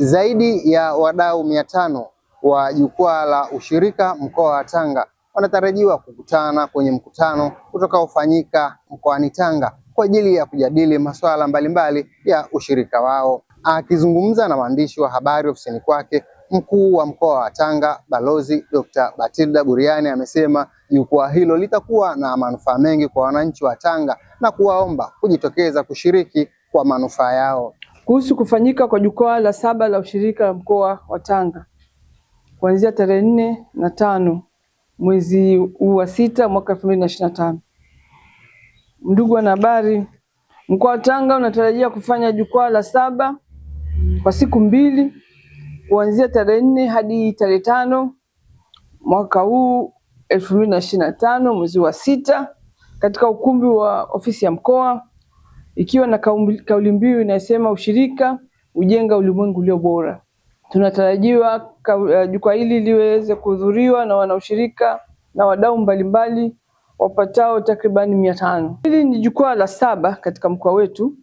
Zaidi ya wadau mia tano wa jukwaa la ushirika mkoa wa Tanga wanatarajiwa kukutana kwenye mkutano utakaofanyika mkoani Tanga kwa ajili ya kujadili masuala mbalimbali ya ushirika wao. Akizungumza na waandishi wa habari ofisini kwake, mkuu wa mkoa wa Tanga Balozi Dr. Batilda Buriani amesema jukwaa hilo litakuwa na manufaa mengi kwa wananchi wa Tanga na kuwaomba kujitokeza kushiriki kwa manufaa yao kuhusu kufanyika kwa jukwaa la saba la ushirika la mkoa wa Tanga kuanzia tarehe nne na tano mwezi huu wa sita mwaka elfu mbili na ishirini na tano. Ndugu wanahabari, mkoa wa Tanga unatarajia kufanya jukwaa la saba kwa siku mbili kuanzia tarehe nne hadi tarehe tano mwaka huu elfu mbili na ishirini na tano mwezi wa sita katika ukumbi wa ofisi ya mkoa ikiwa na kauli mbiu inayosema ushirika hujenga ulimwengu ulio bora. Tunatarajiwa uh, jukwaa hili liweze kuhudhuriwa na wanaushirika na wadau mbalimbali wapatao takribani mia tano. Hili ni jukwaa la saba katika mkoa wetu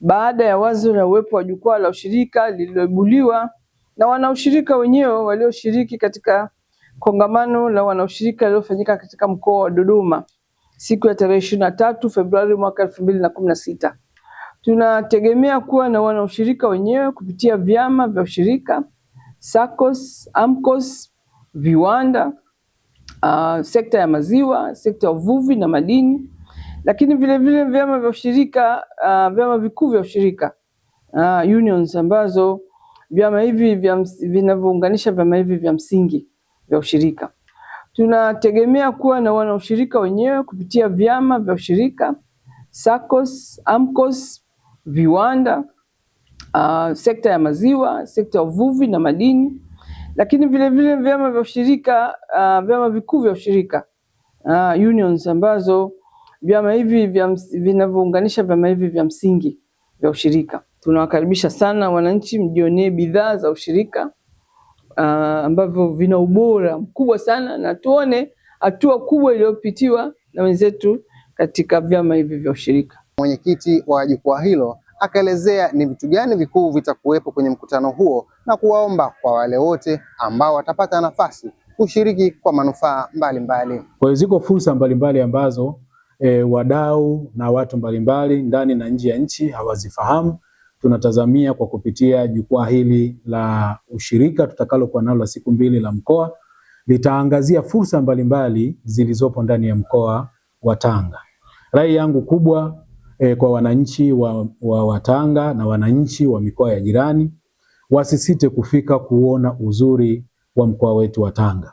baada ya wazo la uwepo wa jukwaa la ushirika lililoibuliwa na wanaushirika wenyewe walioshiriki katika kongamano la wanaushirika lililofanyika katika mkoa wa Dodoma siku ya tarehe ishirini na tatu Februari mwaka elfu mbili na kumi na sita. Tunategemea kuwa na wanaushirika wenyewe kupitia vyama vya ushirika, SACCOS, AMCOS, viwanda, uh, sekta ya maziwa, sekta ya uvuvi na madini, lakini vilevile vyama vya ushirika uh, vyama vikuu vya ushirika uh, unions ambazo vyama hivi vinavyounganisha vyama hivi vya msingi vya ushirika. Tunategemea kuwa na wanaushirika wenyewe kupitia vyama vya ushirika, SACCOS, AMCOS, viwanda, uh, sekta ya maziwa, sekta ya uvuvi na madini, lakini vilevile vile vyama vya ushirika uh, vyama vikuu vya ushirika uh, unions ambazo vyama hivi vinavyounganisha vyama hivi vya msingi vya ushirika. Tunawakaribisha sana wananchi mjionee bidhaa za ushirika uh, ambavyo vina ubora mkubwa sana, na tuone hatua kubwa iliyopitiwa na wenzetu katika vyama hivi vya ushirika. Mwenyekiti wa jukwaa hilo akaelezea ni vitu gani vikuu vitakuwepo kwenye mkutano huo na kuwaomba kwa wale wote ambao watapata nafasi kushiriki kwa manufaa mbalimbali. Kwa hiyo ziko fursa mbalimbali ambazo e, wadau na watu mbalimbali ndani na nje ya nchi hawazifahamu tunatazamia kwa kupitia jukwaa hili la ushirika tutakalokuwa nalo la siku mbili la mkoa litaangazia fursa mbalimbali zilizopo ndani ya mkoa wa Tanga. Rai yangu kubwa e, kwa wananchi wa, wa, wa Tanga na wananchi wa mikoa ya jirani wasisite kufika kuona uzuri wa mkoa wetu wa Tanga,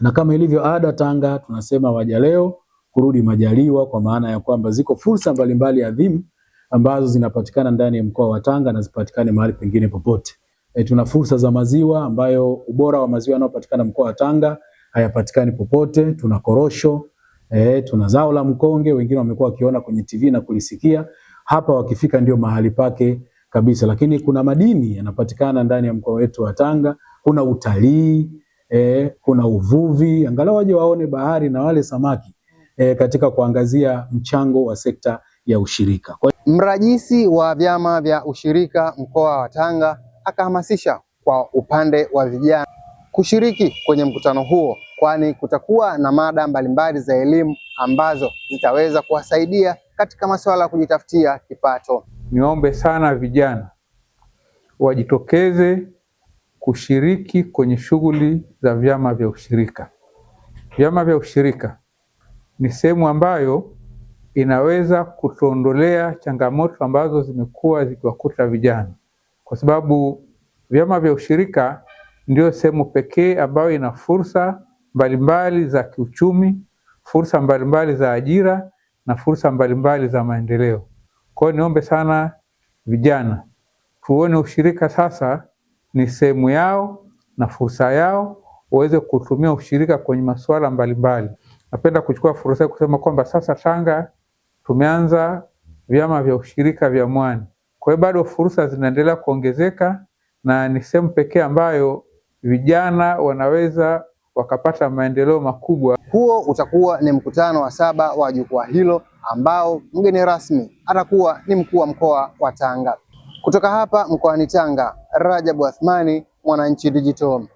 na kama ilivyo ada, Tanga tunasema waja leo kurudi majaliwa, kwa maana ya kwamba ziko fursa mbalimbali adhimu ambazo zinapatikana ndani ya mkoa wa Tanga na zipatikane mahali pengine popote. E, tuna fursa za maziwa ambayo ubora wa maziwa yanayopatikana mkoa wa Tanga hayapatikani popote. Tuna korosho e, tuna zao la mkonge, wengine wamekuwa wakiona kwenye TV na kulisikia hapa, wakifika ndio mahali pake kabisa. Lakini kuna madini yanapatikana ndani ya mkoa wetu wa Tanga, kuna utalii e, kuna uvuvi, angalau waje waone bahari na wale samaki e, katika kuangazia mchango wa sekta ya ushirika. Kwa... mrajisi wa vyama vya ushirika mkoa wa Tanga akahamasisha kwa upande wa vijana kushiriki kwenye mkutano huo, kwani kutakuwa na mada mbalimbali za elimu ambazo zitaweza kuwasaidia katika masuala ya kujitafutia kipato. niombe sana vijana wajitokeze kushiriki kwenye shughuli za vyama vya ushirika. Vyama vya ushirika ni sehemu ambayo inaweza kutuondolea changamoto ambazo zimekuwa zikiwakuta vijana, kwa sababu vyama vya ushirika ndio sehemu pekee ambayo ina fursa mbalimbali za kiuchumi, fursa mbalimbali za ajira na fursa mbalimbali za maendeleo. Kwa hiyo niombe sana vijana tuone ushirika sasa ni sehemu yao na fursa yao, waweze kutumia ushirika kwenye masuala mbalimbali. Napenda kuchukua fursa hii kusema kwamba sasa Tanga tumeanza vyama vya ushirika vya mwani. Kwa hiyo bado fursa zinaendelea kuongezeka na ni sehemu pekee ambayo vijana wanaweza wakapata maendeleo makubwa. Huo utakuwa ni mkutano wa saba wa jukwaa hilo ambao mgeni rasmi atakuwa ni mkuu wa mkoa wa Tanga. Kutoka hapa mkoani Tanga, Rajabu Athmani, Mwananchi Digital.